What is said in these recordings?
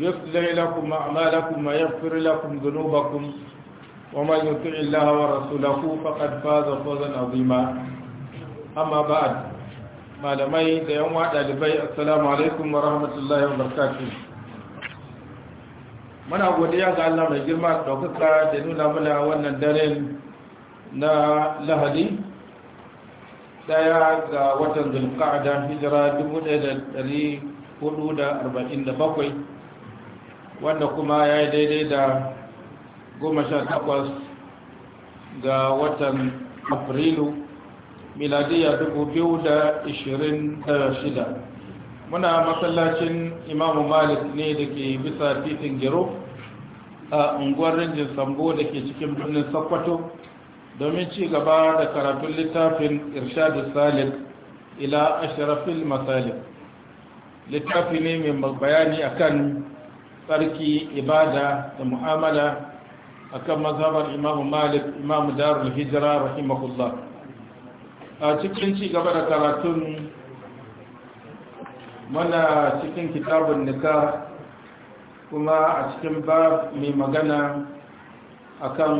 يصلح لكم أعمالكم ويغفر لكم ذنوبكم ومن يطع الله ورسوله فقد فاز فوزا عظيما أما بعد malamai da yan wada libai assalamu alaikum wa rahmatullahi wa barakatuh muna godiya ga Allah mai girma daukaka da nuna mana wannan daren na lahadi daya ga watan zulqa'da hijira 1447 wanda kuma ya yi daidai da goma sha takwas ga watan afrilu da miladiya shida. muna masallacin imamu malik ne da ke bisa titin gero a unguwar rinjin sambo da ke cikin birnin sokoto domin ci gaba da karatun littafin irshadu salik ila ashirafil masalik littafi ne mai bayani akan tsarki ibada da mu'amala akan mazhabar imamu malik imamu darul hijira rahimahullah a cikin cigaba da karatun mana cikin kitabun nika kuma a cikin ba mai magana a akan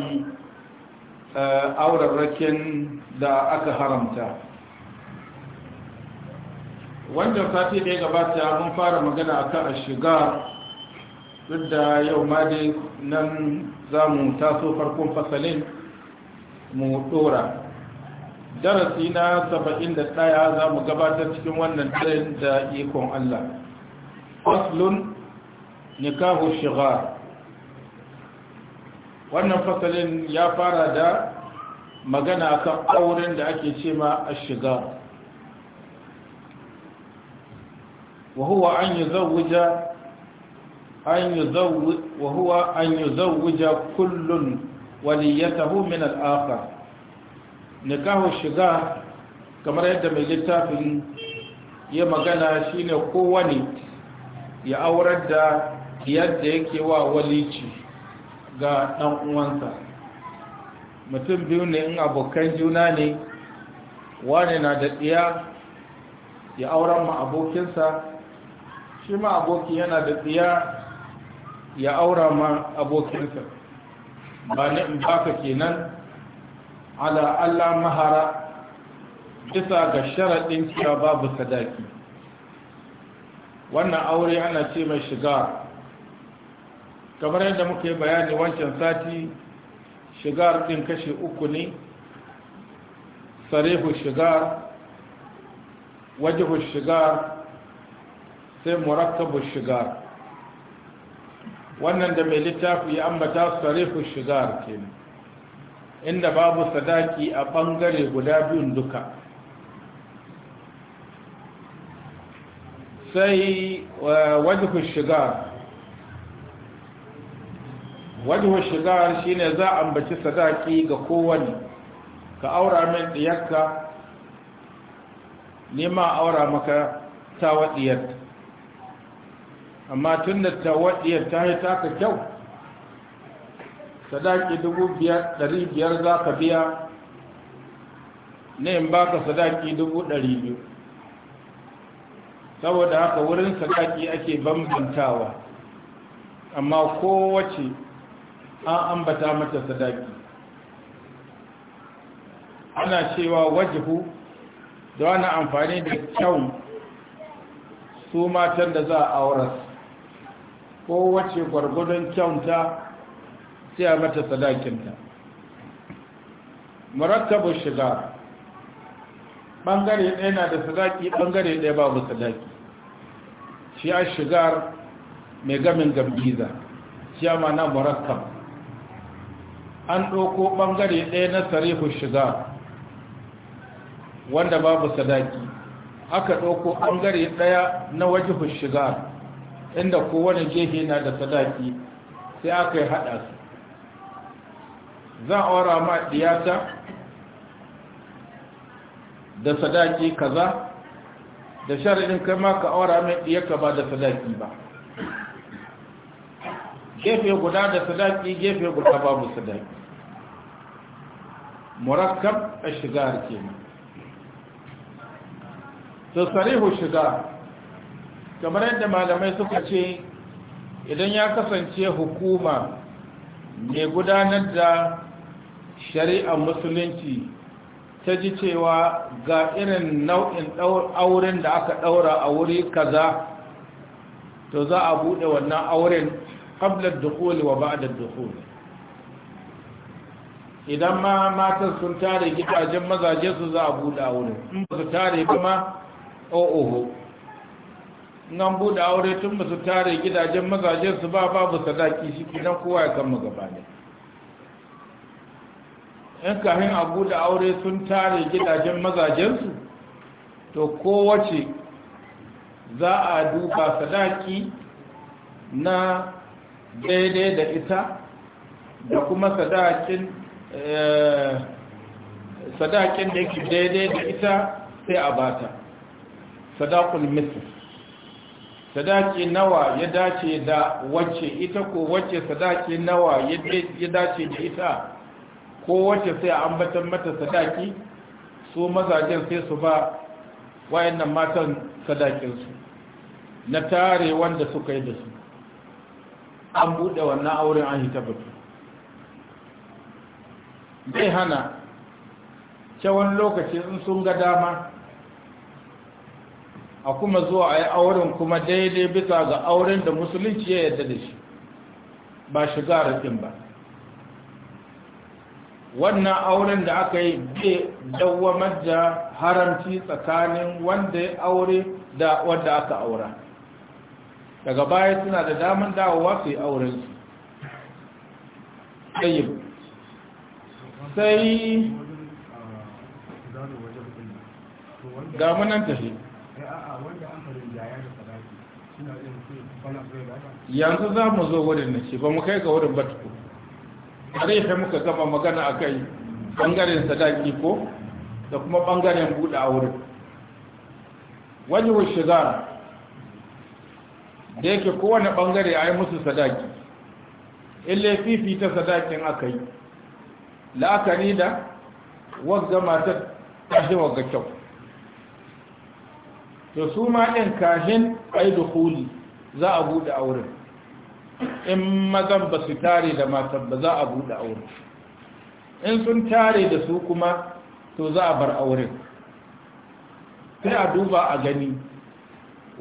eh, aurarrakin da aka haramta wanda sati ne gabata mun fara magana akan shiga duk da yau ma dai nan za mu taso farkon fasalin mu dora darasi na saba'in da ɗaya za mu gabatar cikin wannan tsayin da ikon Allah faslun nikahu shigar wannan fasalin ya fara da magana kan auren da ake ce ma a shiga wa huwa an yi an yuzawwij wa huwa an yuzawwija kullun waliyatahu min al-akhar nikahu shiga kamar yadda mai littafin ya magana shine kowane ya aurar da yadda yake wa walici ga ɗan uwansa mutum biyu ne in abokan juna ne wani na da tsiya ya auren ma abokinsa shi ma aboki yana da ɗiya. ya aura ma abokinsa ba ne in baka kenan ala Allah mahara bisa ga sharaɗin cewa babu sadaki wannan aure ana ce mai shiga kamar yadda muka yi bayani wancan sati shigar ɗin kashe uku ne sarihu shigar wajihu shigar sai murakkabu shigar wannan da mai littafi ya ambata sarifu shigar kenan inda babu sadaki a bangare guda biyun duka sai eh, wajhu shigar wajhu shigar shine za a ambaci sadaki ga kowane ka aura min diyarka nima aura maka ta tawadiyarta amma tun da tawadiyar ta yi taka kyau sadaki biyar za ka biya ne in ba ka sadaki biyu. saboda haka wurin sadaki ake bambantawa amma kowace an ambata mata sadaki ana cewa wajihu da wani amfani da kyau su matan da za a auras ko wace gwargwadon kyauta sai a mata sadakinta murakkabin shiga ɓangare ɗaya na da sadaki ɓangare ɗaya babu sadaki shi a shigar mai gamin gambiza shi a mana murakkab an ɗauko ɓangare ɗaya na sarihun shiga wanda babu sadaki aka ɗauko ɓangare ɗaya na wajihun shigar inda kowane gehe na da sadaki sai aka yi haɗa su zan aura ma ɗiyata da sadaki kaza da sharaɗin kai ma ka aura mai ɗiyarka ba da sadaki ba gefe guda da sadaki gefe guda babu sadaki murakkab a shiga kenan to sarihu shiga. kamar yadda malamai suka ce idan ya kasance hukuma mai gudanar da shari'ar musulunci ta ji cewa ga irin nau'in auren da aka ɗaura a wuri kaza to za a buɗe wannan auren ƙablar dukuli wa ba'adar dukuli idan ma matan sun tare gidajen mazaje su za a buɗe auren in ba su tare ba ma o'oho oh, nan buɗe aure tun ba tare gidajen mazajen su ba babu sadaki shi nan kowa ya mu gaba ne in a buɗe aure sun tare gidajen mazajen su to kowace za a duba sadaki na daidai da ita da kuma sadakin eh, sadakin da yake daidai da ita sai a bata sadakul misis. sadaki nawa ya dace da wacce ita ko wacce sadaki nawa ya dace da ita ko wacce sai an ambatan mata sadaki su mazajen sai su ba wayannan matan sadakinsu na tare wanda suka yi da su an buɗe wannan auren an hita batu zai hana cewon lokaci sun ga dama a kuma zuwa a yi auren kuma daidai bisa ga auren da musulunci ya yadda da shi ba shiga rufin ba wannan auren da aka yi bai dawamar da haramci tsakanin wanda ya aure da wanda aka aura daga baya suna da damar dawowa su yi su sai ga munan tafiya yanzu za mu zo wurin na ce ba mu kai ga wurin ba tuku a zai sai muka gama magana a kai ɓangaren sadaki ko da kuma ɓangaren buɗe a wurin wani wushe za da yake kowane ɓangare a yi musu sadaki in laififi ta sadakin aka yi la'akari da wagga matar shi wadda kyau to su ma ɗin kashin ai huli za a buɗe auren in mazan ba su tare da matan ba za a buɗe auren in sun tare da su kuma to za a bar auren sai a duba a gani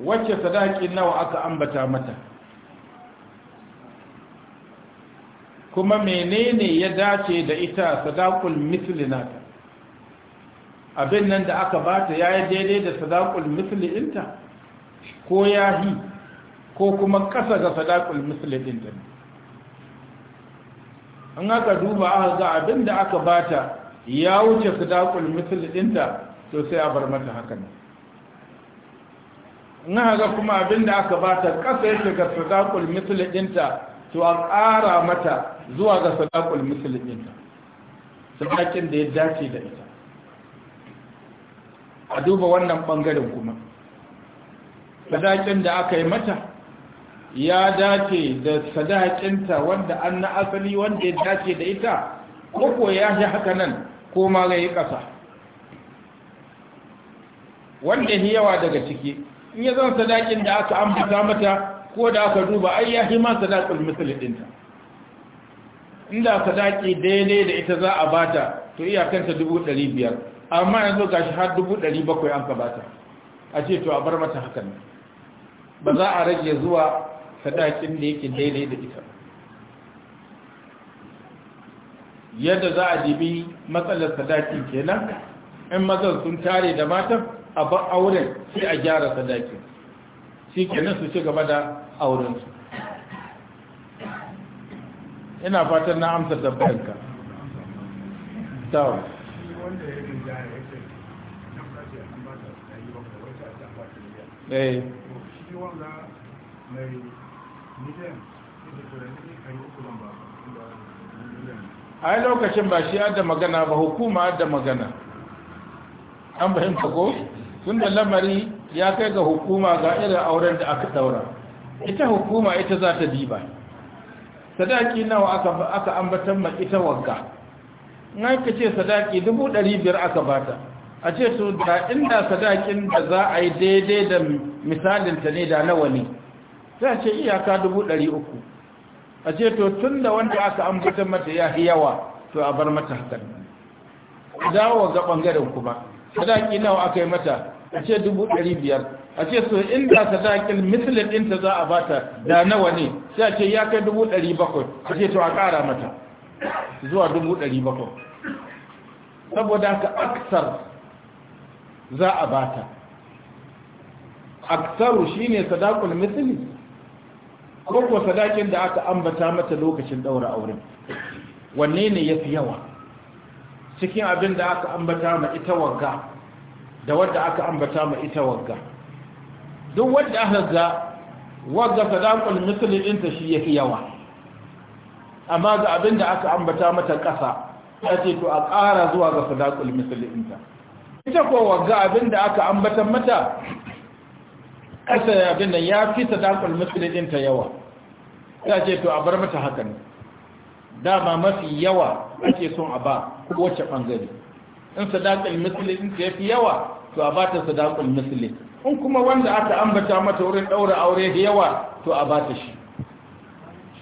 wacce sadaki nawa aka ambata mata kuma menene ya dace da ita sadakul mislinata abin nan da aka ta ya yi daidai da sadakul misli ɗinta ko ya ko kuma ƙasa ga sadakul misli ɗinta an aka duba aka ga abin da aka ba ta ya wuce sadakul misli ɗinta to sai a bar mata haka ne An haka kuma abin da aka ba ta, ƙasa yake ga sadakul misli ɗinta to a ƙara mata zuwa ga sadakul misli ɗinta sadakin da ya dace da ita a duba wannan ɓangaren kuma sadakin da aka yi mata ya dace da sadakinta wanda an na asali wanda ya dace da ita koko ya shi haka nan ko ma ga yi ƙasa wanda yi yawa daga ciki in ya zan sadakin da aka ambata mata ko da aka duba ai ya shi ma sadakul da inda sadaki daidai da ita za a bata to iyakanta dubu ɗari biyar amma yanzu gashi har dubu ɗari bakwai an a ce to a bar mata hakan ba za a rage zuwa sadakin da yake daidai da ita yadda za a dibi matsalar sadakin kenan in mazan sun tare da matan a ba auren sai a gyara sadakin shi kenan su ci gaba da aurensu ina fatan na amsa bayanka a ai lokacin ba shi adda magana ba hukuma adda magana an fahimta ko tun da lamari ya kai ga hukuma ga irin auren da aka daura ita hukuma ita za ta diba sadaki nawa aka ambatan ma ita wagga na ka ce sadaki dubu ɗari biyar aka bata a ce to da inda sadakin da za a yi daidai da misalinta ne da nawa ne za ce iyaka dubu ɗari uku a ce to tun da wanda aka ambata mata ya yawa to a bar mata hakan dawo ga ɓangaren kuma sadaki nawa aka yi mata a ce dubu ɗari biyar a ce su inda sadakin misalin ɗinta za a bata da nawa ne sai a ce ya kai dubu ɗari bakwai a ce to a ƙara mata zuwa dubu ɗari bakwai saboda haka aksar za a bata aksaru shine ne sadakun ko ko sadakin da aka ambata mata lokacin ɗaura auren wanne ne ya fi yawa cikin abin da aka ambata ma ita wagga da wadda aka ambata ma ita wagga duk wadda aka ga wadda sadakun misli ɗinta shi ya fi yawa amma ga abin da aka ambata mata ƙasa ya ce to a ƙara zuwa ga sadakul misalinta ita kowa ga abin da aka ambata mata ƙasa abin da ya fi sadakul misalinta yawa ya ce to a bar mata hakan dama mafi yawa ake son a ba kowace ɓangare in sadakul misalinta ya fi yawa to a ba ta sadakul in kuma wanda aka ambata mata wurin ɗaura aure da yawa to a ba ta shi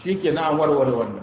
shi ke na an warware wannan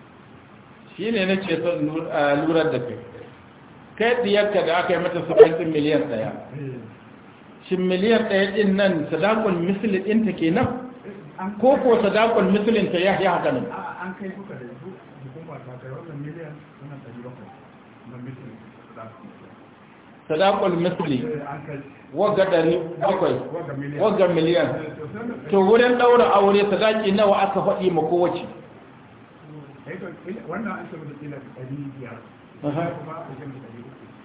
shi ne na ce son lura da kai kai diyarka da aka yi mata sabancin miliyan ɗaya shi miliyan ɗaya ɗin nan sadakon misli ɗinta ke nan ko ko sadakon misli ta ya haka nan sadakun ta sadakon misli eh, waga dari bakwai waga miliyan eh, to wurin ɗaura aure sadaki nawa aka faɗi ma kowace Eh, eh, wannan an kila ɗari biyar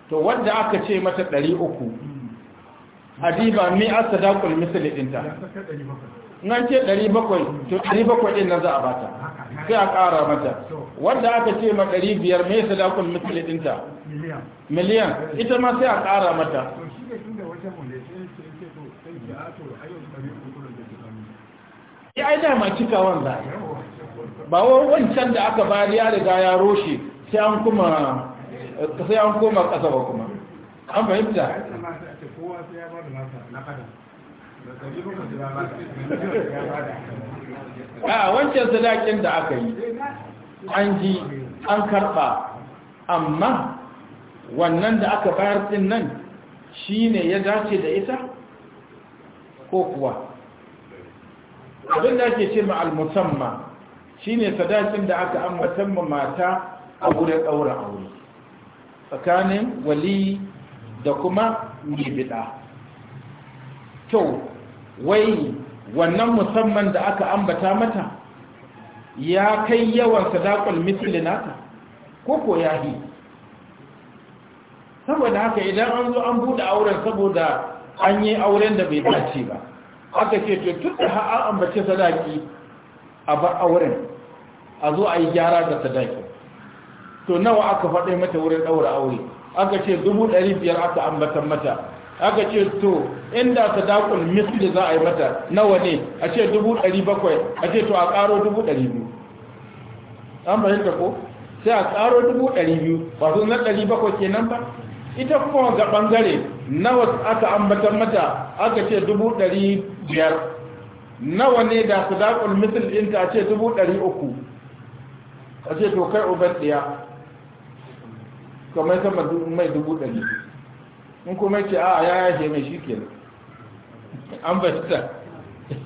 to wanda aka ce mata ɗari uku hmm. adiba mi asa sadakul misali ɗinta nan ce ɗari bakwai to ɗari bakwai ɗin nan za a bata sai a ƙara mata wanda aka ce ma ɗari biyar me sadakul misali ɗinta miliyan ita ma sai a ƙara mata ah, ya eh, ai dama cikawan za a ba wancan da aka bayar ya riga ya roshe sai an sai an koma ƙasa ba kuma an fahimta a wancan sadakin da aka yi an ji an karɓa amma wannan da aka bayar ɗin nan shi ne ya dace da ita ko kuwa abin da ake ce ma al-musamman shine sadakin da aka ambatan ma mata a wurin ɗaura aure tsakanin wali da kuma mibida to wai wannan musamman da aka ambata mata ya kai yawan sadakul mislina Ko ko ya yi saboda haka idan an zo an buɗe auren saboda an yi auren da bai dace ba aka ce to tun da har an ambace sadaki a bar auren a zo a yi gyara da sadaki to nawa aka faɗi mata wurin ɗaura aure aka ce dubu ɗari biyar aka ambatan mata aka ce to inda sadakun misli za a yi mata nawa ne a ce dubu ɗari bakwai a ce to a ƙaro dubu ɗari biyu an fahimta ko sai a ƙaro dubu ɗari biyu ba su na ɗari bakwai kenan ba ita kuma ga ɓangare nawa aka ambatan mata aka ce dubu ɗari biyar nawa ne da daƙul mithl ɗinka a ce dubu ɗari uku a ce to kai uban ɗaya kamar sama mai dubu ɗari in kuma ce a ya yashe mai shi ke an bata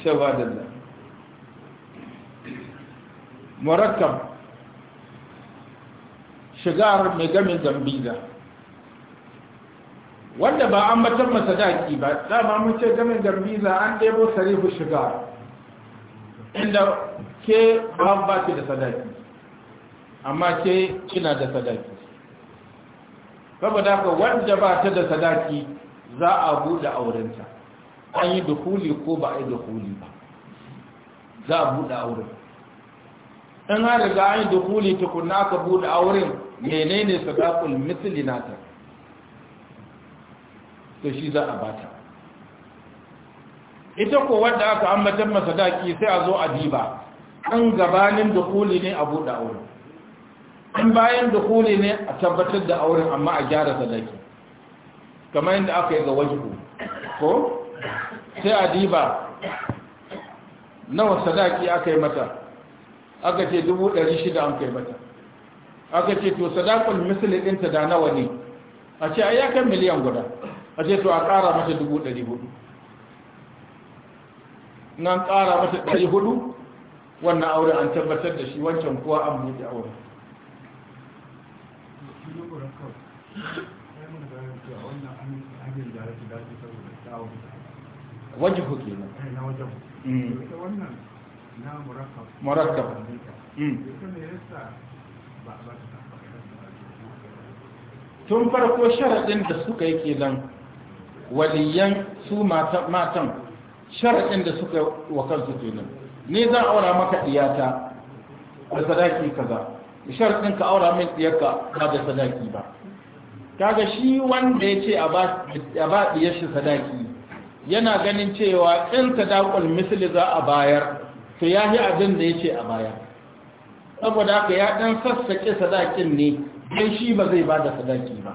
ce ba da da murakkab shigar mai gamin zambiza wanda ba an batar masa daki ba dama mun ce gamin za an ɗebo sarifu shiga inda ke ban ba ce da sadaki amma ke kina da sadaki saboda ka wanda ba ta da sadaki za a buɗe aurenta an yi dukuli ko ba a yi dukuli ba za a buɗe auren in har riga an yi dukuli tukuna ka buɗe auren menene sadakul misli nata to shi za a bata ita ko wanda aka masa daki sai a zo a diba an gabanin dukuli ne a buɗe auren an bayan dukuli ne a tabbatar da auren amma a gyara sadaki kamar yadda aka yi ga wajibu ko sai a diba nawa sadaki aka yi mata aka ce dubu ɗari shida an kai mata aka ce to sadakun misali ɗinta da nawa ne a ce a yakan miliyan guda a ce to a ƙara mata dubu ɗari hudu nan ƙara mata ɗari hudu wannan aure an tabbatar da shi wancan kuwa an buɗe aure wajen hukuki ne hmm. murakkab hmm. tun farko sharaɗin da suka yi kenan waliyan su matan sharaɗin da suka wa kansu kenan ne zan aura maka ɗiyata da sadaki kaza sharaɗin ka aura min diyarka ba da sadaki ba kaga shi wanda ya ce a ba diyar shi sadaki yana ganin cewa in sadakul misali za a bayar to ya yi abin da ya ce a bayar saboda ka ya ɗan sassaƙe sadakin ne don shi ba zai ba da sadaki ba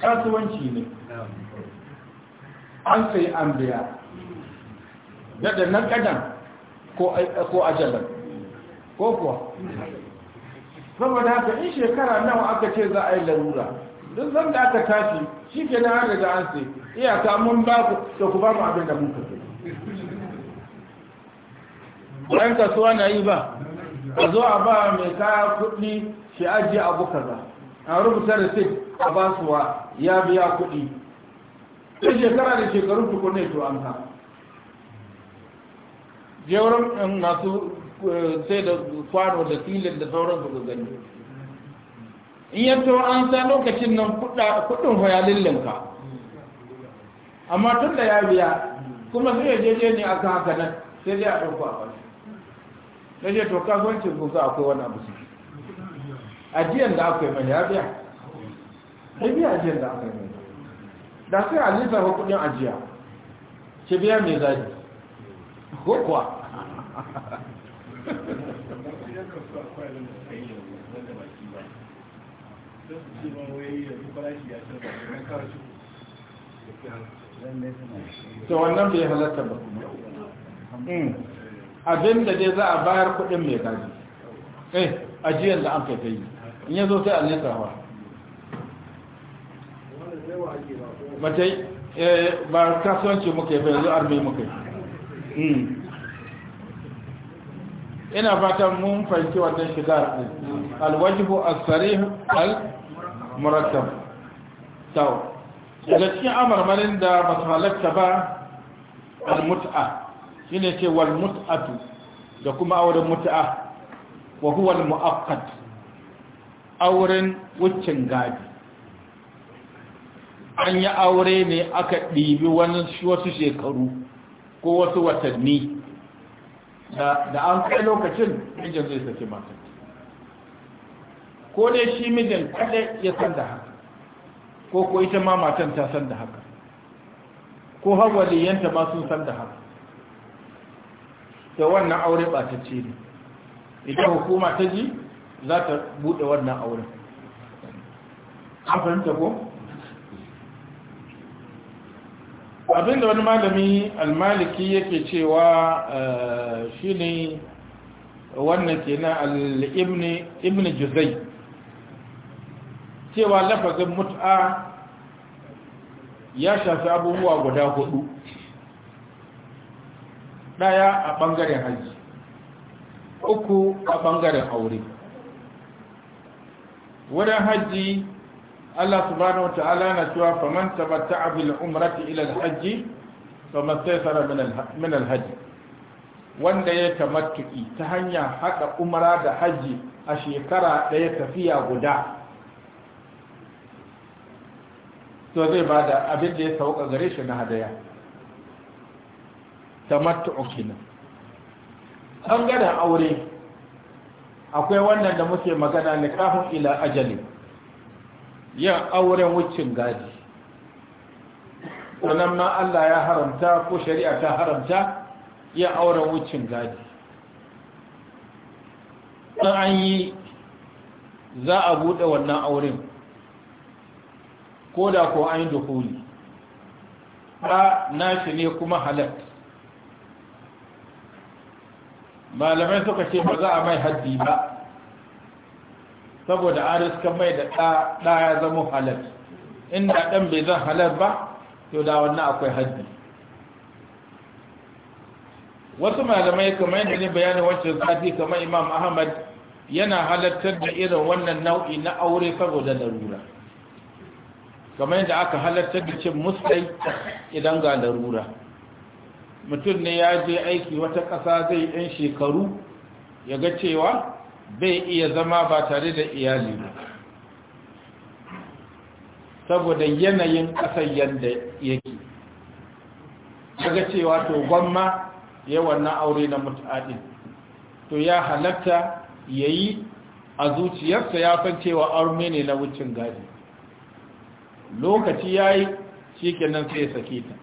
kasuwanci ne an sai an biya daga nan kadan ko ajalan ko kuwa saboda haka in shekara nawa aka ce za a yi larura duk zan da aka tashi shi ke na har da an sai iyaka mun ba ku da ku ba mu abin da mun kafe ɗan kasuwa na yi ba a zo a ba mai kaya kuɗi shi ajiye abu kaza a rubuta da sai a basuwa ya biya kuɗi ɗin shekara da shekaru ne to an ha jauran um, masu eh, sai da kwano da filin da sauran su gani in yi to an sa lokacin nan kuɗin hoya linka amma tun da ya biya kuma sai ya jeje ne a kan haka nan sai dai a ɗauko a ƙarshe na je to kasuwancin kusa akwai wani abu suke ajiyar da akwai mai ya biya da biya ajiyar da aka yi da sai a lissafa kudin ajiya ce biya mai zaji ko kuwa ta wannan bai halatta ba kuma eh. abin da dai za a bayar kudin mai zaji eh ajiyar da an kai ta yi in yazo sai a nesa hawa matai eh, ba kasuwanci muka yi muka yi hmm. ina fatan mun fahimci wannan shigar ne alwajibu asari al murakam tau daga cikin amarmarin da ba su halatta ba al-mut'a ne ce wal mut'atu da kuma auren mut'a wa huwa al auren wuccin gadi an yi aure ne aka ɗibi wasu shekaru ko wasu watanni da an kai lokacin mijin zai saki mata ko dai shi mijin kada ya san da haka ko ko ita ma matan ta san da haka ko hawaliyanta ma sun san da haka da wannan aure ɓatacce ne idan hukuma ta ji za ta buɗe wannan auren an fahimta ko? abinda wani malami almaliki yake cewa eh, shi ne wannan ke na ibn juzai cewa lafazin mut'a ya shafi abubuwa guda hudu daya a bangaren haji uku a ɓangaren aure wurin haji Allah subhanahu wa ta'ala na cewa faman tabatta'a bil umrati ila al-hajj faman taysara min al-hajj wanda ya tamattuki ta hanya hada umra da haji a shekara daya tafiya guda to zai bada abin da ya sauka gare shi na hadaya tamattu kenan an gada aure akwai wannan da muke magana nikahun ila ajali yin auren wucin gadi sannan ma Allah ya haramta ko shari'a ta haramta yin auren wucin gadi In an yi za a buɗe wannan auren ko da ko an yi dukuli ba nashi ne kuma halal? malamai suka ce ba za a mai haddi ba saboda an riska mai da ɗa ya zama halal inda ɗan bai zan halar ba to da wannan akwai haddi wasu malamai kamar yadda ne bayanin wancan sati kamar imam ahmad yana halartar da irin wannan nau'i na aure saboda larura kamar yadda aka halartar da cin musulai idan ga larura mutum ne ya je aiki wata ƙasa zai yan shekaru ya ga cewa bai iya zama ba tare da iyali ba saboda yanayin ƙasar yadda yake daga cewa to gwamma ya wannan aure na mutu'adin to ya halatta ya yi a zuciyarsa ya san cewa aure ne na wucin gadi lokaci ya yi shi sai ya sake ta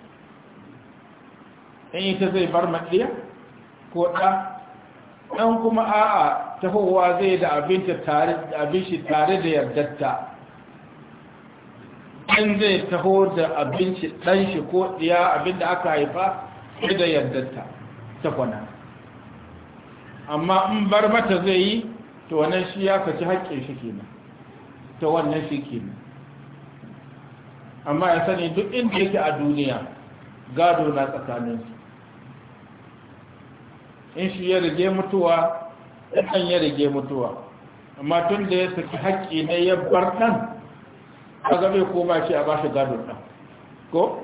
in ita zai bar maɗiya ko ɗan kuma a'a tahowa zai da abin shi tare da yardarta ɗan zai taho da abin shi ɗan shi ko ɗiya abin da aka haifa sai da yardarta ta kwana amma in bar mata zai yi to wannan shi ya kaci haƙƙin shi kenan ta wannan shi kenan amma ya sani duk inda yake a duniya gado na tsakaninsu in shi ya rage mutuwa ɗan ya rage mutuwa amma tun da ya saki haƙƙi ne ya bar ɗan a zaɓe ko ba shi a ba shi gado ɗan ko?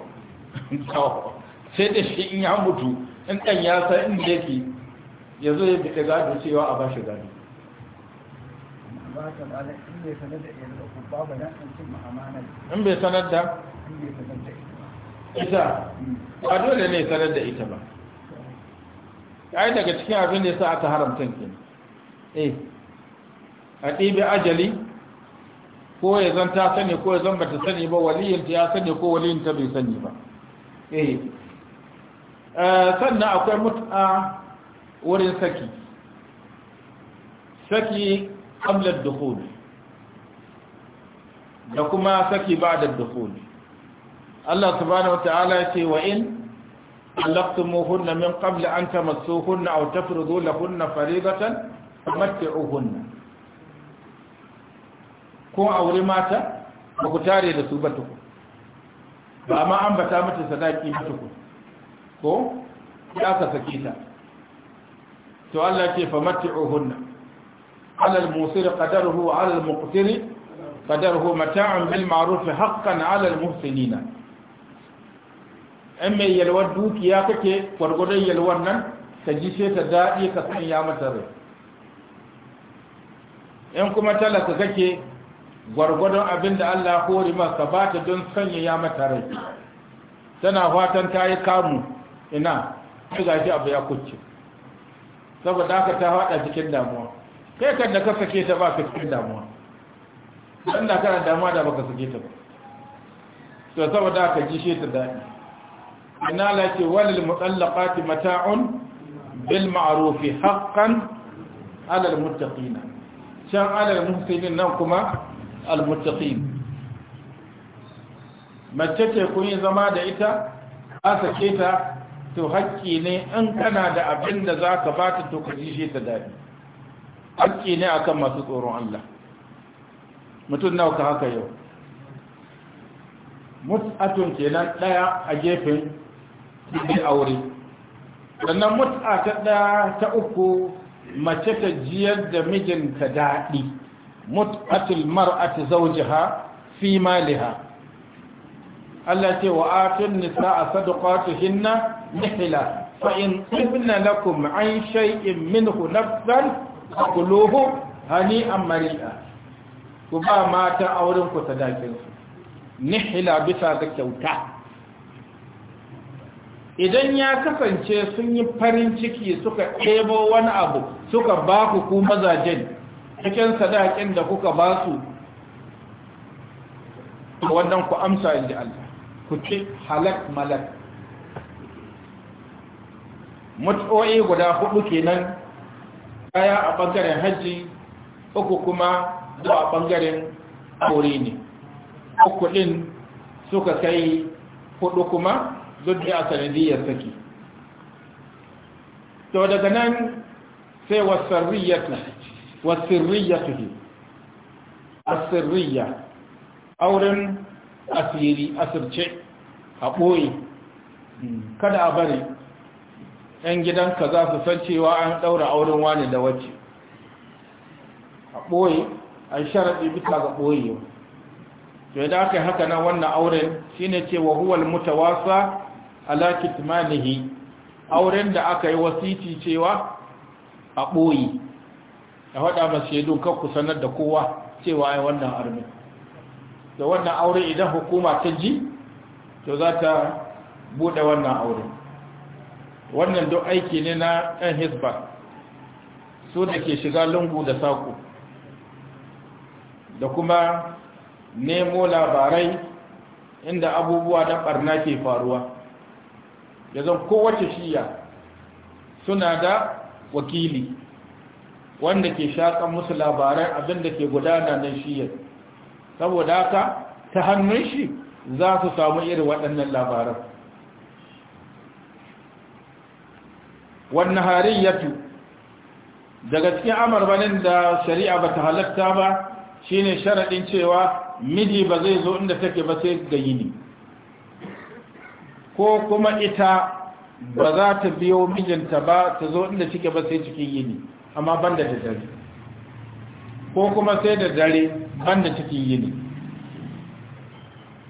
sai da shi in ya mutu in ɗan ya sa in da yake ya zo ya fita gado cewa a ba shi gado in bai sanar da ita ba dole ne sanar da ita ba ai daga cikin abin da ya sa aka haramta kenan eh a ɗibi ajali ko ya zan ta sani ko ya zan ba ta sani ba waliyinta ya sani ko waliyinta bai sani ba eh, eh sannan akwai mut'a wurin saki saki hamlar dukhul da kuma saki ba da dukhul Allah subhanahu wata'ala ya ce wa in allaqtumuhunna min qabli an tamassuhunna aw tafridu lahunna fariidatan tamatti'uhunna ko aure mata ba ku tare da su ba tuku ba ma an bata mata sadaki ba tuku ko ya ka saki ta to Allah ce fa matti'uhunna ala al-musir qadaruhu wa ala al-muqtir qadaruhu mata'an bil ma'ruf haqqan ala al-muhsinina in mai yalwar dukiya kake gwargwadon yalwar nan ta ji sai ta daɗi ka sanya mata rai in kuma talaka kake gwargwadon abin da Allah hori maka ba ta don sanya ya mata rai tana fatan ta yi kamu ina ta gashi abu ya kucce saboda haka ta haɗa cikin damuwa kai kan da ka sake ta ba ka cikin damuwa don da kana damuwa da baka sake ta ba to saboda haka ji ta daɗi ina lake walil mutsallaqati mata'un bil ma'ruf haqqan ala al muttaqina can alal muhsinin nan kuma almuttaqin mace ce kun yi zama da ita a sake ta to haƙƙi ne in kana da abin da za ka ba ta to ka ji shi ta daɗi haƙƙi ne akan masu tsoron Allah mutum nawa ka haka yau mut'atun kenan ɗaya a gefen da aure sannan mut'a ta ɗaya ta uku mace ta jiyar da mijinta daɗi mut'atul mar'ati zawjiha fi maliha Allah ce wa atun nisaa sadaqatuhinna nihla fa in ibna lakum an shay'in minhu nafsan hani hani'an mari'a ku ba mata auren ku sadakin su nihla bisa ga kyauta idan ya kasance sun yi farin ciki suka ɗebo wani abu suka ba ku ku mazajen cikin sadakin da kuka ba su wannan ku amsa inji Allah ku ce halak malak mutu'o'i guda hudu kenan kaya a bangaren hajji uku kuma zuwa a bangaren kori ne uku din suka kai hudu kuma duk da a sanadiyar take to daga nan sai wasirriyatu wasirriyatu ne asirriya auren asiri asirce a ɓoye kada a bari 'yan gidanka za su san cewa an ɗaura auren wani da wacce a ɓoye a sharaɗi bisa ga ɓoye to da aka yi haka nan wannan auren shi ce wa huwal mutawasa ala kitmanihi auren da aka yi wasiti cewa a ɓoyi a faɗa ba shaidun kan ku sanar da kowa cewa ya wannan armi da wannan aure idan hukuma ta ji to za ta buɗe wannan aure wannan duk aiki ne na ɗan hisba su da ke shiga lungu da saku da kuma nemo labarai inda abubuwa na ɓarna ke faruwa ya zan kowace shiya suna da wakili wanda ke shaƙa musu labaran abin da ke gudana nan shiyar saboda haka ta hannun shi za su samu irin waɗannan labaran wannan harin yatu daga cikin amurbanin da shari'a ba ta halatta ba shine sharaɗin cewa miji ba zai zo inda take ba sai ga yini ko kuma ita ba za ta biyo mijinta ba ta zo inda cike ba sai cikin yini amma ban da dare ko kuma sai da dare ban da cikin yini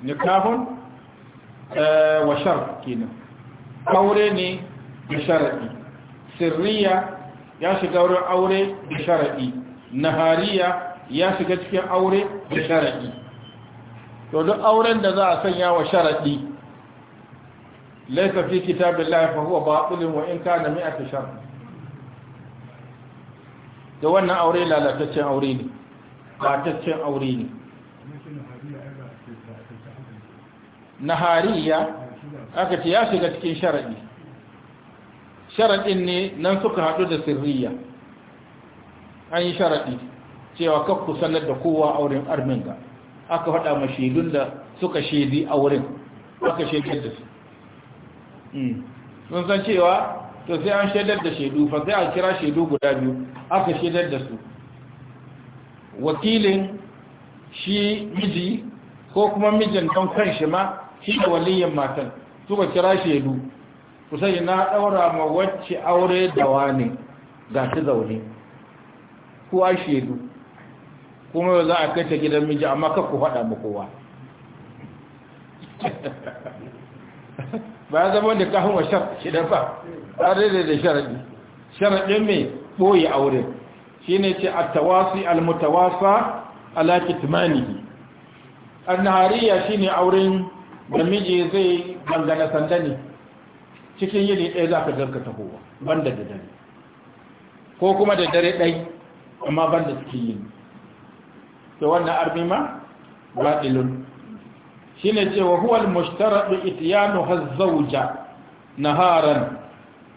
nikahun eh, wa shar kenan aure ne da sharaɗi sirriya ya shiga wurin aure da sharaɗi nahariya ya shiga cikin aure da sharaɗi to duk auren da za a sanya wa sharaɗi laysa fi kitabillahi fa huwa batilun wa in kana mi'atu shar da wannan aure lalataccen aure ne lalataccen aure ne nahariya aka ce ya shiga cikin sharadi sharadin ne nan suka hadu da sirriya an yi sharadi cewa kakku sanar da kowa auren arminga aka faɗa mashidun da suka shaidi auren aka shaidar da su sun san cewa to sai an shaidar da shaidu fa sai a kira shaidu guda biyu aka shaidar da su wakilin shi miji ko kuma mijin don kan shi ma shi da waliyan matan su ka kira shaidu ku sai na daura ma wacce aure da wani ga su zaune ku a shaidu kuma za a kai ta gidan miji amma ka ku faɗa mu kowa ba ya zama wanda kafin wa shar shi dafa ba daidai da sharadi sharadin mai ɓoye auren. Shi ne ce a tawasi al-mutawasa ala kitmanihi shi ne auren da miji zai gangana sandani cikin yini ɗaya za ka zarka kowa, banda da dare ko kuma da dare ɗai amma banda cikin yini to wannan armi ma baɗilun shine cewa huwa al-mushtaradu ityanu hazzauja naharan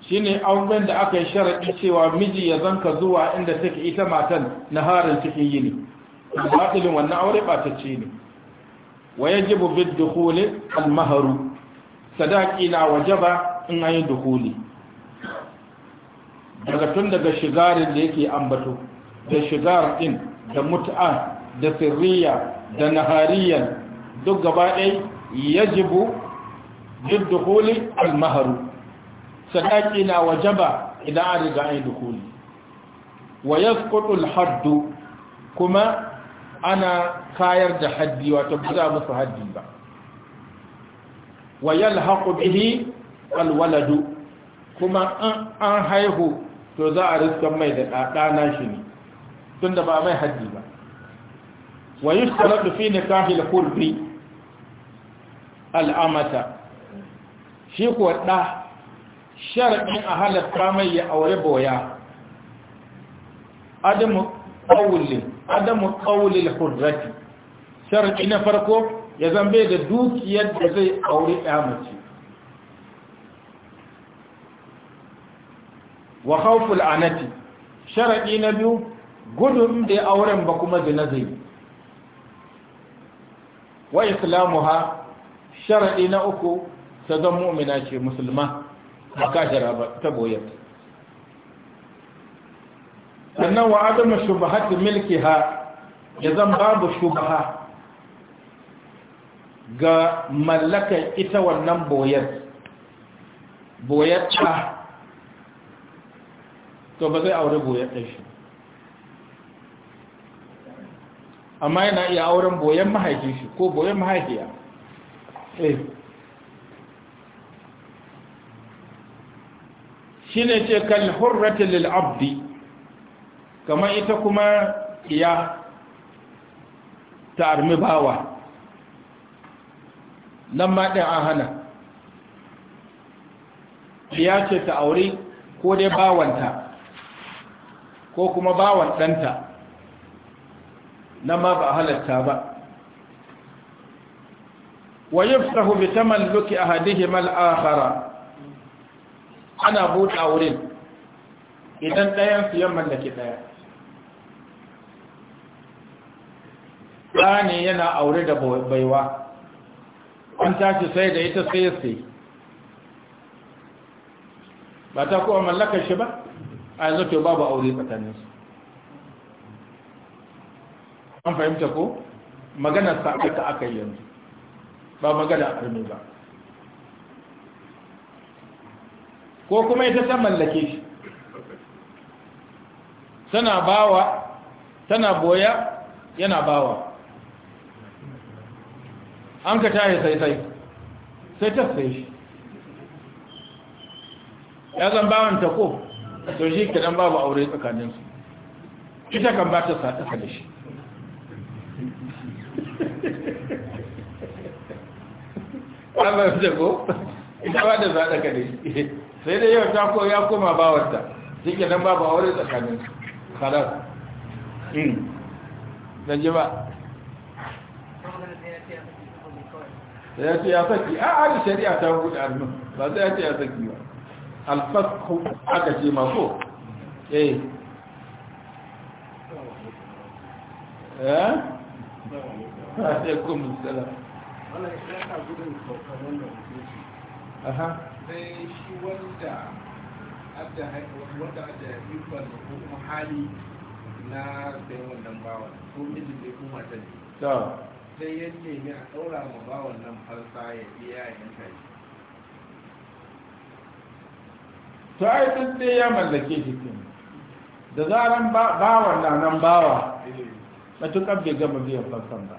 shine auren da aka yi sharadi cewa miji ya zanka zuwa inda take ita matan naharan cikin yini batilin wannan aure ce ne wa yajibu bid dukhuli al-mahru sadaqi na wajaba in ayi dukhuli daga tun daga shigarin da yake ambato da shigar din da mut'a da sirriya da nahariyan duk gaba ɗai yajibu duk dukuli almaharu sadaki na wajaba idan an riga an yi dukuli wa yasqutul haddu kuma ana kayar da haddi wato ba musu haddi ba wa bihi alwaladu kuma an haihu to za a riskan mai da na shi ne tunda ba mai haddi ba wa yustalatu fi nikahil qurbi al'amata shi kuwa ɗa sharaɗin a halatta mai ya aure boya adamu ƙaunin adamu ƙaulil hurrati sharaɗi na farko ya zambe da dukiyar da zai aure ɗa mace wa khawful anati sharaɗi na biyu gudun da ya auren ba kuma zina zai wa Islamu ha? sharaɗi na uku ta zan mu'mina ce musulma a kafira ba ta boye sannan wa adama shubahatin milki ha ya zan babu shubaha ga mallakar ita wannan boyar boyar ta to ba zai aure boyar ta shi amma yana iya auren boyar mahaifin shi ko boyar mahaifiya Eh. shi ne ce kan hurrati lil'abdi kamar ita kuma ya ta armi bawa nan maɗin an hana ya ce ta aure ko dai bawanta ko kuma bawan ɗanta nan ma ba halatta ba ويفتح بتملك أحدهما الآخر أنا بوت أورين إذن لا ينسي يملك لا ɗani yana aure da baiwa an tashi sai da ita sai sai ba ta kuwa mallakar ba a yanzu to babu aure tsakaninsu an fahimta ko maganar sa aka yi yanzu ba magana a arme ba ko kuma ita ta mallake shi tana bawa tana boya yana bawa an ka tare sai sai sai ta sai shi ya zan bawan ta ko to shi kidan babu aure tsakaninsu ita kan ba ta sa ta da shi an da ko ita ba da zaɗa ka sai dai yau ta ko ya koma ba wata, ke nan babu aure tsakanin karar hmm. ya saki a shari'a ta ba ya saki ba aka ce eh eh? aha sai shi wanda adda wanda adda ikon da ko kuma hali na sai wannan bawan ko mijin da kuma ta ne sai ya nemi a ɗaura ma bawan nan farsa ya biya ya yanka shi to ai sun sai ya mallake shi kin da zaran bawan na nan bawa eh. matukar bai gama biyan farsan ba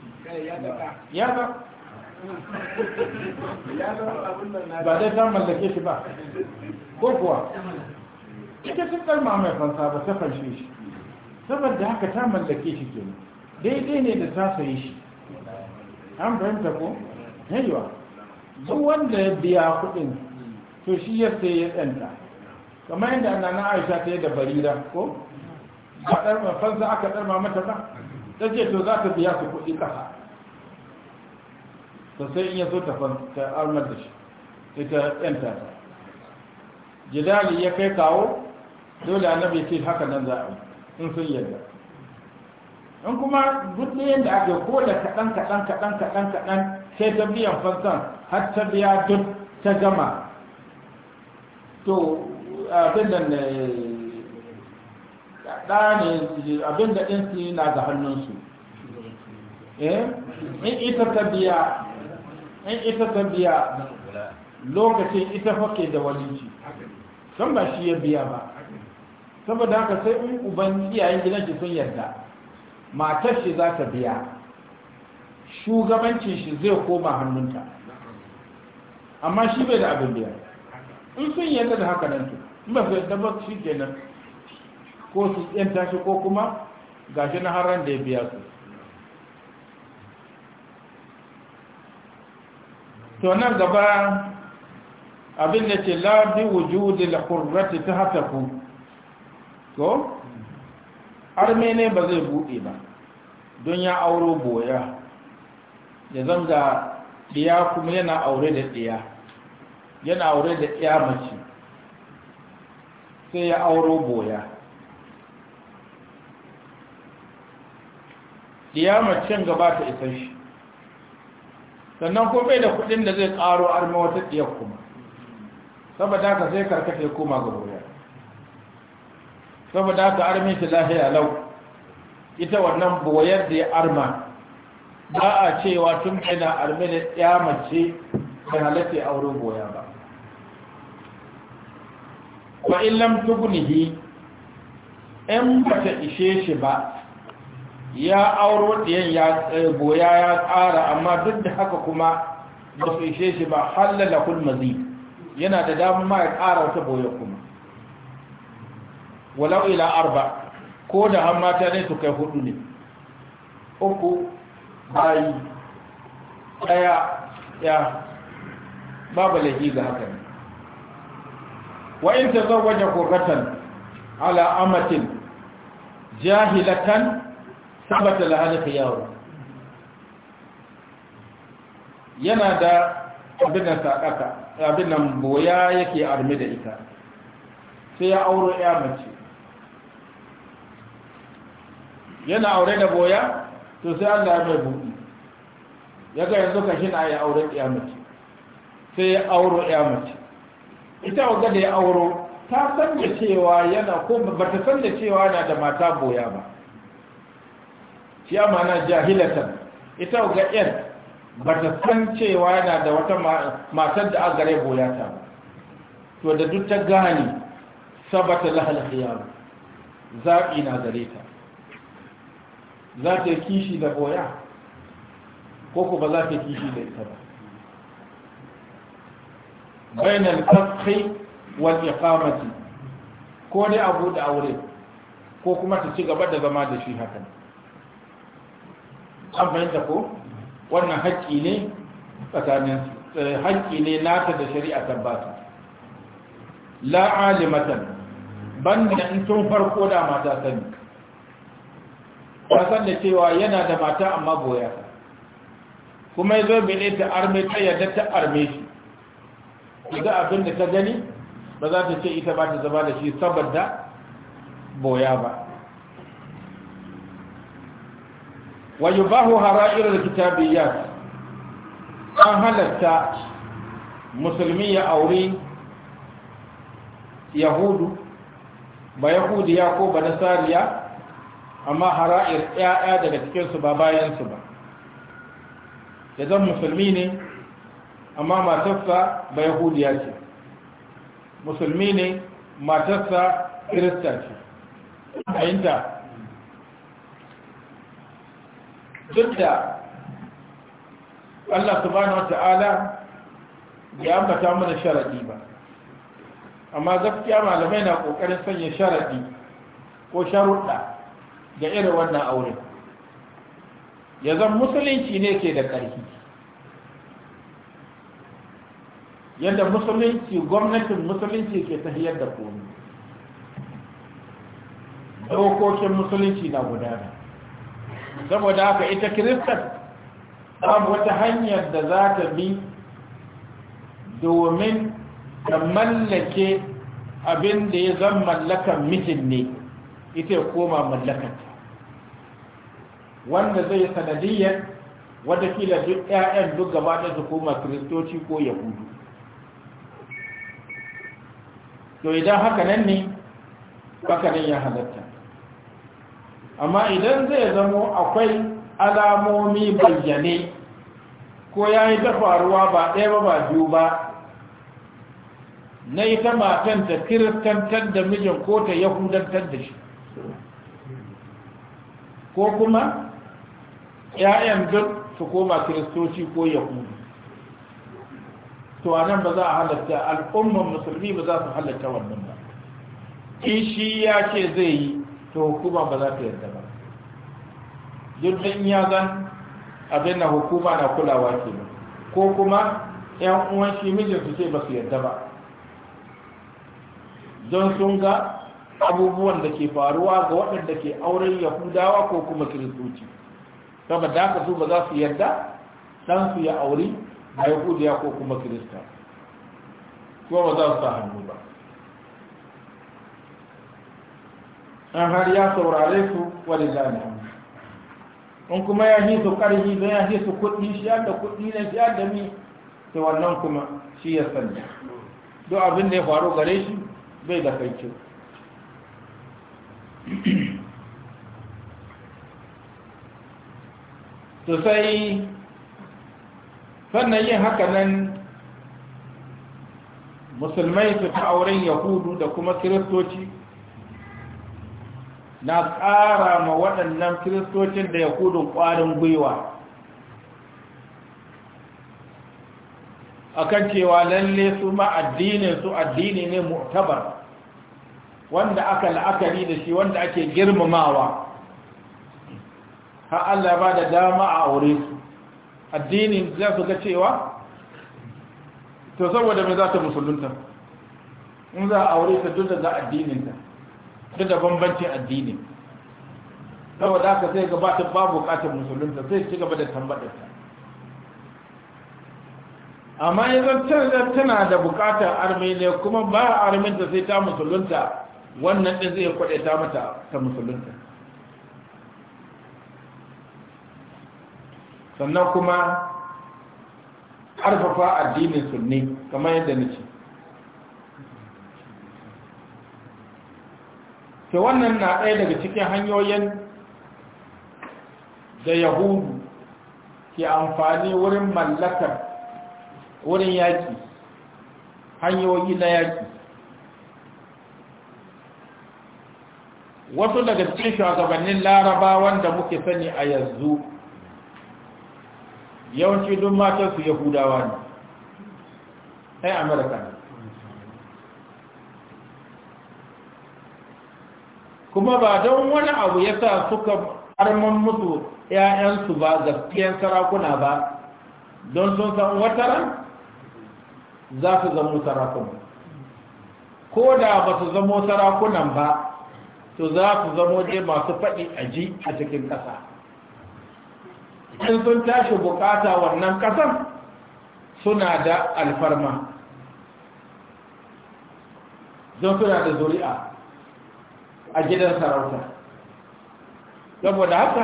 ya ba ba dai ta mallake shi ba ko kuwa ita sun kalma mai fansa ba ta fanshe shi saboda haka ta mallake shi ke daidai ne da ta sayi shi an fahimta ko yayiwa duk wanda ya biya kudin to shi ya sai ya tsanta kamar yadda ana na aisha ta yi da barira ko ba ɗarma fansa aka ɗarma mata ba ta ce to za ka biya su kuɗi ƙasa to sai in ya so ta armar da shi ita yanta ta jidali ya kai kawo dole annabi ce haka nan za a yi in sun yadda in kuma duk ɗayan da ake ko da kaɗan kaɗan kaɗan kaɗan kaɗan sai ta biyan fansan har ta biya duk ta gama to abin da ɗani abin da ɗinsu na ga hannunsu eh? in ita ta biya in ita ta biya lokacin ita fake da walinci san ba shi ya biya ba saboda haka sai in uban iyayen gidanki sun yarda matar shi za ta biya shugabancin shi zai koma hannunta amma shi bai da abin biya in sun yarda da haka nan to in ba su yarda ba shi kenan ko su yanta shi ko kuma gashi na harin da ya biya su to nan gaba abin da ce labi wujudi da kurrati ta hata ku ko armene ba zai buɗe ba don ya auro boya ya ga ɗiya kuma yana aure da ɗiya yana aure da ɗiya mace sai ya auro boya diyamar can gaba ta isan shi sannan ko bai da kudin da zai karo arma wata diyar kuma saboda haka sai karkata koma ga goya saboda haka armin shi lahiya lau ita wannan boyar da ya arma ba a cewa tun na armini ya mace bai halatta auren goya ba ba illam tugunihi in ba ta ishe shi ba ya auro ɗiyan ya eh, goya ya tsara amma duk da haka kuma ba su ishe shi ba hallala mazi yana da damar ma ya tsara wata boye kuma walau ila arba ko da har mata ne su kai hudu ne uku bayi daya ya babu laifi ga haka ne wa in ta zawaje kokatan ala amatin jahilatan sabata lahana khiyaru yana da abin nan sakaka abin nan boya yake arme da ita sai ya auro ya mace yana aure da boya to sai Allah ya mai buɗi ya ga yanzu ka shina ya aure ya mace sai ya auro ya mace ita ga da ya auro ta san da cewa yana ko ba ta san da cewa yana da mata boya ba fiya mana jahilatan ita ga yar ba ta san cewa yana da wata matar da aka gare goya ta to da duk ta gane sabata lahal khiyar zaɓi na gare ta za ta kishi da goya ko ko ba za ta kishi da ita ba bainal kafai wal iqamati ko dai abu da aure ko kuma ta ci gaba da zama da shi hakan an fahimta ko wannan haƙƙi ne tsakanin eh, haƙƙi ne nata da shari'a tabbata la alimatan banda in tun farko da mata sani Ba san da cewa yana da mata amma goya kuma ya zo bene ta arme ta yadda ta arme shi ga abin da ta gani ba za ta ce ita ba ta zama da shi saboda boya ba wa yubahu hara'ir alkitabiyyat an halarta musulmi ya aure yahudu ba yahudiya ko ba nasariya amma hara'ir ƴaƴa daga cikinsu ba bayansu ba ya zan musulmi ne amma matarsa ba yahudiya ce musulmi ne matarsa kirista ce fahimta duk da Allah subhanahu wa ta'ala ya ambata mana sharaɗi ba amma gaskiya malamai na ƙoƙarin sanya sharaɗi ko sharuɗa ga irin wannan aure. ya zan musulunci ne ke da ƙarfi yadda musulunci gwamnatin musulunci ke tahiyar da komi dokokin musulunci na gudana saboda haka ita kiristan babu wata hanyar da za ta bi domin ta mallake abin da ya zan mallakan mijin ne ita ya koma mallakanta wanda zai sanadiyyar fila duk 'ya'yan duk gaba da su koma kiristoci ko yahudu to idan haka nan ne baka nan ya halatta amma idan zai zamo akwai alamomi bayyane ko ya yi ta faruwa ba ɗaya ba ba biyu ba na ita matan ta kiristantar da mijin ko ta yahudantar da shi ko kuma ‘ya'yan duk su koma kiristoci ko yahudu to a ba za a halatta al'umman musulmi ba za su halatta wannan ba kishi ya ce zai yi to hukuma ba za ta yarda ba duk in ya zan abin na hukuma na kulawa ke ba, ko kuma yan uwan shi mijin su ce ba su yarda ba don sun ga abubuwan da ke faruwa ga waɗanda ke auren yahudawa ko kuma kiristoci saboda haka su ba za su yarda dan su ya auri a yahudiya ko kuma kirista kuma ba za su sa hannu ba an har ya saurare su wani zaniya in kuma ya hisu ƙarfi don ya hisu kuɗi shi da kudi na shi da mi ta wannan kuma shi ya sanya do abin da ya faru gare shi bai da kai to sai sannan yin haka nan musulmai su ta auren yahudu da kuma kiristoci na ƙara ma waɗannan kiristocin da ya kudin ƙwarin gwiwa A kan cewa lalle su ma addinin su addini ne mu'tabar wanda aka la'akari da shi wanda ake girmamawa har Allah ba da dama a aure su addinin za su ga cewa to saboda mai za ta musulunta in za a aure ta duk da addinin ta duk da bambancin addini saboda haka sai gabata ba katin musulunta sai ci gaba da tambadarta amma yanzu tana da bukatar armeniya kuma ba arminta sai ta musulunta wannan ɗin zai ta mata ta musulunta sannan kuma ƙarfafa addinin sunni kamar yadda nace ta wannan na ɗaya daga cikin hanyoyin da yahudu ke amfani wurin mallakar wurin yaƙi hanyoyi na yaƙi wasu daga cikin shugabannin larabawan da muke sani a yanzu yawanci duk matansu yahudawa ne sai amurka ne kuma ba don wani abu ya sa suka arman musu ‘ya'yansu ba zafi'yan sarakuna ba don sun san wataran za su zamo sarakun. ko da ba su zamo sarakunan ba to za su zamo dai masu faɗi a ji a cikin ƙasa in sun tashi buƙata wannan ƙasan suna da alfarma don suna da zuri'a a gidan sarauta saboda haka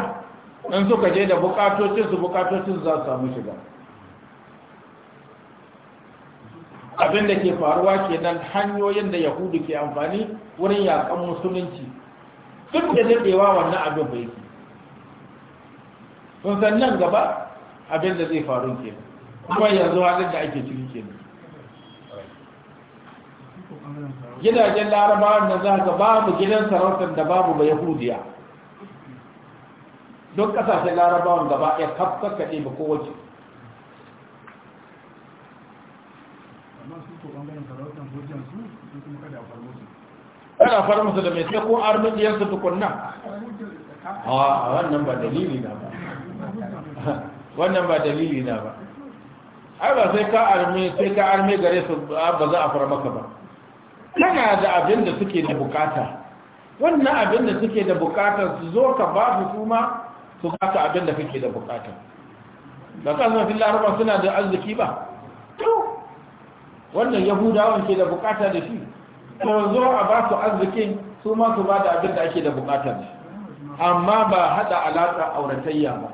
in suka je da su bukatocin za su samu shiga abin da ke faruwa kenan hanyoyin da yahudu ke amfani wurin yakan musulunci duk da daɗewa wannan abin bai yi sun san nan gaba abin da zai faru kenan kuma yanzu halin da ake ciki kenan gidajen larabawan da za ka babu gidan sarautar da babu ba yahudiya don kasashen larabawan gaba ɗaya kafkar kaɗe ba kowace kada fara musu da mai sai ko arnudiyarsu tukunna a ah, wannan ba dalili na ba wannan ba dalili na ba ai ba sai ka arme sai ka arme gare su ba za a fara maka ba tana da abin da suke da bukata wannan abin da suke da bukata su zo ka ba su kuma su ba ka abin da kake da bukata ba ka zama fil laraba suna da arziki ba to wannan yahudawan ke da bukata da shi to zo a ba su arzikin su ma su ba da abin da ake da bukata da amma ba hada alaka auratayya ba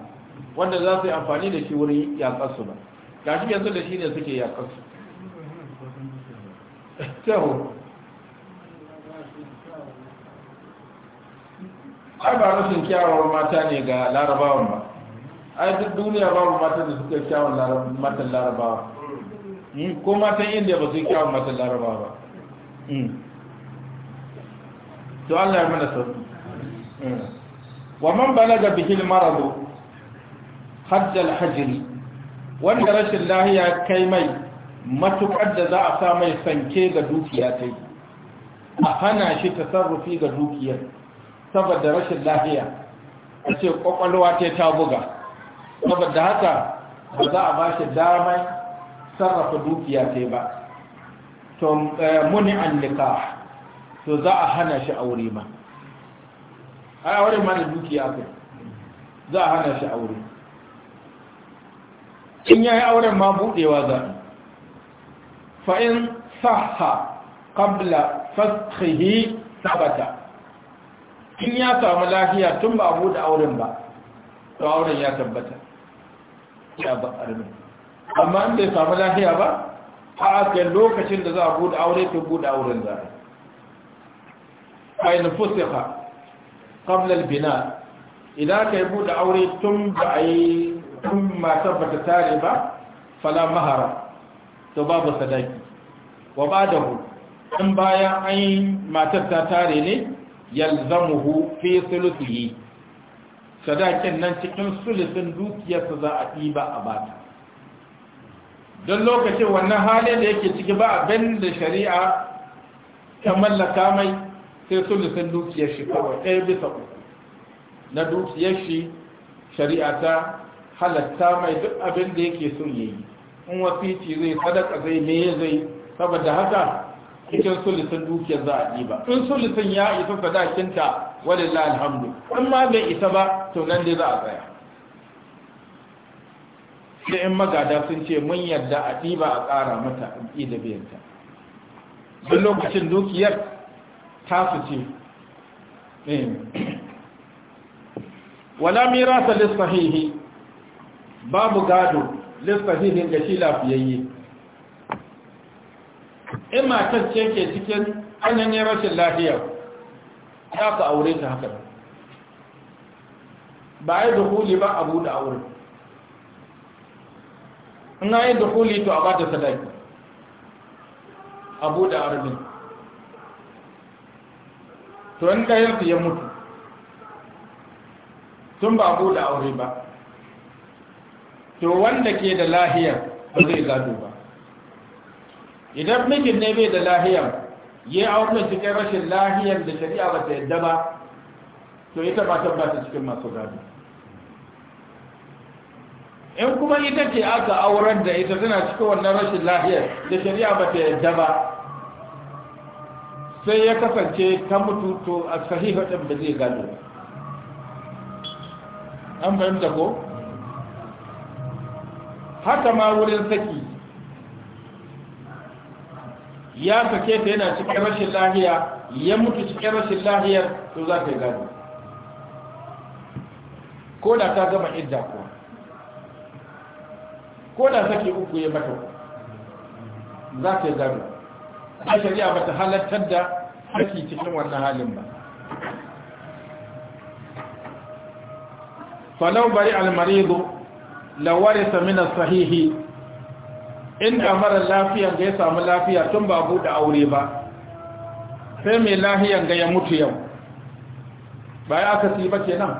wanda za su yi amfani da shi wurin yakar su ba gashi yanzu da shi ne suke yakar su ai ba rashin kyawawan mata ne ga larabawan ba ai duk duniya babu mata da suka kyawun matan larabawa hmm? ko matan indiya ba su kyawun matan larabawa ba hmm. to Allah ya mana sauki hmm. wa man balaga bihil maradu hajj al wanda rashin lahiya kai mai matukar da za a sa mai sanke ga dukiya ta yi a hana shi tasarrufi ga dukiyar saboda rashin lafiya a ce kwakwalwa ta ta buga saboda haka ba za a ba shi damar sarrafa dukiya ta ba to eh, muni an nika to za a hana shi aure ma a aure ma da dukiya kai za a hana shi aure in ya yi auren ma buɗewa za a fa'in saha ƙabla faskihi sabata in ya samu lafiya tun ba abu da auren ba to auren ya tabbata ya ba armi amma in bai samu lafiya ba a aka lokacin da za a buɗe aure to buɗe auren za a ainihin fusiha ƙamlar bina idan ka yi buɗe aure tun ba a yi tun ma tabbata tare ba fala mahara to babu sadaki wa ba da in bayan an yi matar ta tare ne yalzamuhu fi sulusihi sadakin nan cikin sulusin dukiyarsa za a ɗiba a bata don lokacin wannan halin da yake ciki ba abin da shari'a ta mallaka mai sai sulusin dukiyar shi kawai ɗaya bisa uku na dukiyar shi shari'a ta halatta mai duk abin da yake son yayi in wasici zai sadaka zai me zai saboda haka cikin sulisan dukiyar za a ɗiba in sulisan ya isa sadakinta la alhamdu in ma bai isa ba to nan dai za a tsaya sai in magada sun ce mun yarda a ɗiba a ƙara mata in da biyanta duk lokacin dukiyar tasu ce eh. wala mirasa lissahihi babu gado lissahihin da shi lafiyayye in matar ce ke cikin hanyar rashin lafiya za ku aure ta haka ba yi dukuli ba a buɗe aure ina yi dukuli to a ba ta sadaki a buɗe arabin to in ɗayansu ya mutu tun ba buɗe aure ba to wanda ke da lahiyar ba zai gado ba idan mijin ne bai da lahiyar ya yi auren cikin rashin lahiyar da shari'a ba ta yadda ba to ita ba tabbata cikin masu gado in kuma ita ce aka auren da ita tana cikin wannan rashin lahiyar da shari'a ba ta yadda ba sai ya kasance ta mutu to a sahihatin ba zai gado an fahimta ko haka ma wurin saki ya sake ta yana cikin rashin lahiya ya mutu cikin rashin lahiyar to za ka yi gani ko da ta gama idda ko ko da sake uku ya mata za ka yi gani a shari'a ba ta halattar da saki cikin wannan halin ba falau bari almaridu lawarisa min sahihi inda mara lafiyan ga ya samu lafiya tun ba bude aure ba sai mai lahiyan ga ya mutu yau ba ya aka ba ke nan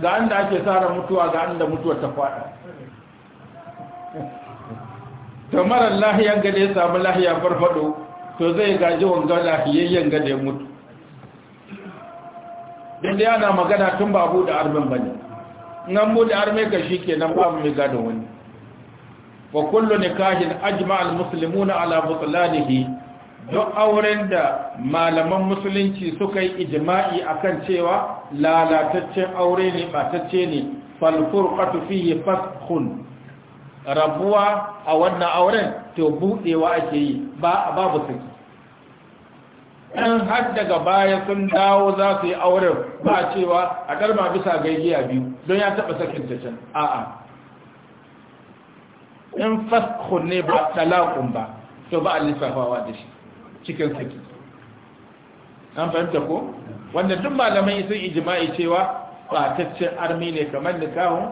ga an da ake tsara mutuwa ga an da mutuwar ta fada ta mara lahiyan ga da ya samu lahiya farfado to zai gaji wanga lahiyayyen ga da ya mutu inda yana magana tun ba bude armin ba ne nan bude armin ka shi ke nan ba mai gada wani wa kullu nikahin ajma al-muslimuna ala butlanihi do auren da malaman musulunci suka yi ijma'i akan cewa lalataccen aure ne batacce ne fal furqatu fihi rabuwa a wannan auren to budewa ake yi ba babu saki in har daga baya sun dawo za su yi auren ba cewa a karba bisa gaigiya biyu don ya taba sakin ta can a'a in fasko ne ba talakun ba to ba a lissafawa da shi cikin saki an fahimta ko wanda duk malamai sun ijma'i cewa ba bataccen armi ne kamar da nikahun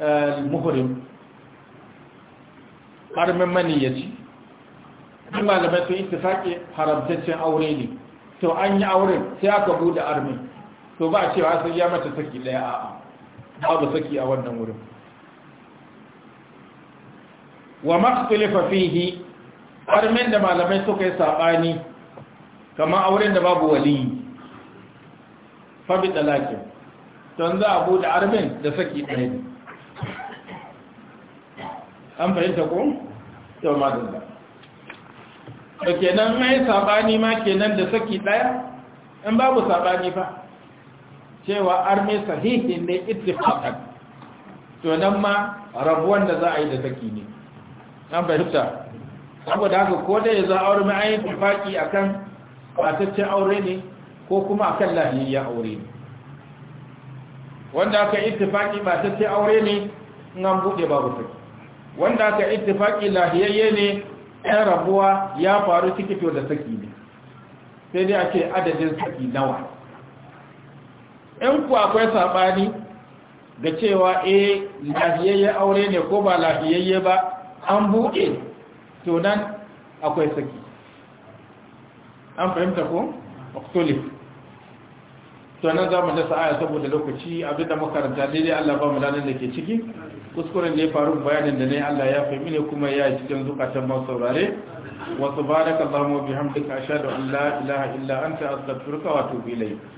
eh, mani armin ci duk malamai sun ittifaqi haramtaccen aure ne to an yi auren sai aka bude armi to ba cewa sun ya mata saki daya a'a babu saki a wannan wurin wa makhtulifa fihi min da malamai suka yi saɓani, kamar auren da babu wali fabi talakin don za a bude armin da saki ɗaya ne an fahimta ko? yau ma da da kenan mai saɓani ma kenan da saki ɗaya in babu saɓani ba cewa armi sahihin ne ita faɗa. nan ma rabuwan da za a yi da saki ne an fahimta saboda haka ko dai ya za aure mai ayin tufaki a kan mataccen aure ne ko kuma a kan lahiyayyen aure ne wanda aka yi tufaki mataccen aure ne in an buɗe babu sai wanda aka yi tufaki lahiyayye ne ɗan rabuwa ya faru cikito da saki ne sai dai ake adadin saki nawa in ku akwai saɓani ga cewa eh lahiyayye aure ne ko ba lahiyayye ba an buɗe to nan akwai saki an fahimta ko oktolif to nan za mu dasa aya saboda lokaci abinda makaranta daidai allah ba mu lanin da ke ciki kuskuren da ya faru bayanin da ne allah ya fahimi ne kuma ya yi cikin zukatan masu saurare wasu baraka allahumma bihamdika ashhadu da la ilaha illa anta astaghfiruka wa atubu ilayk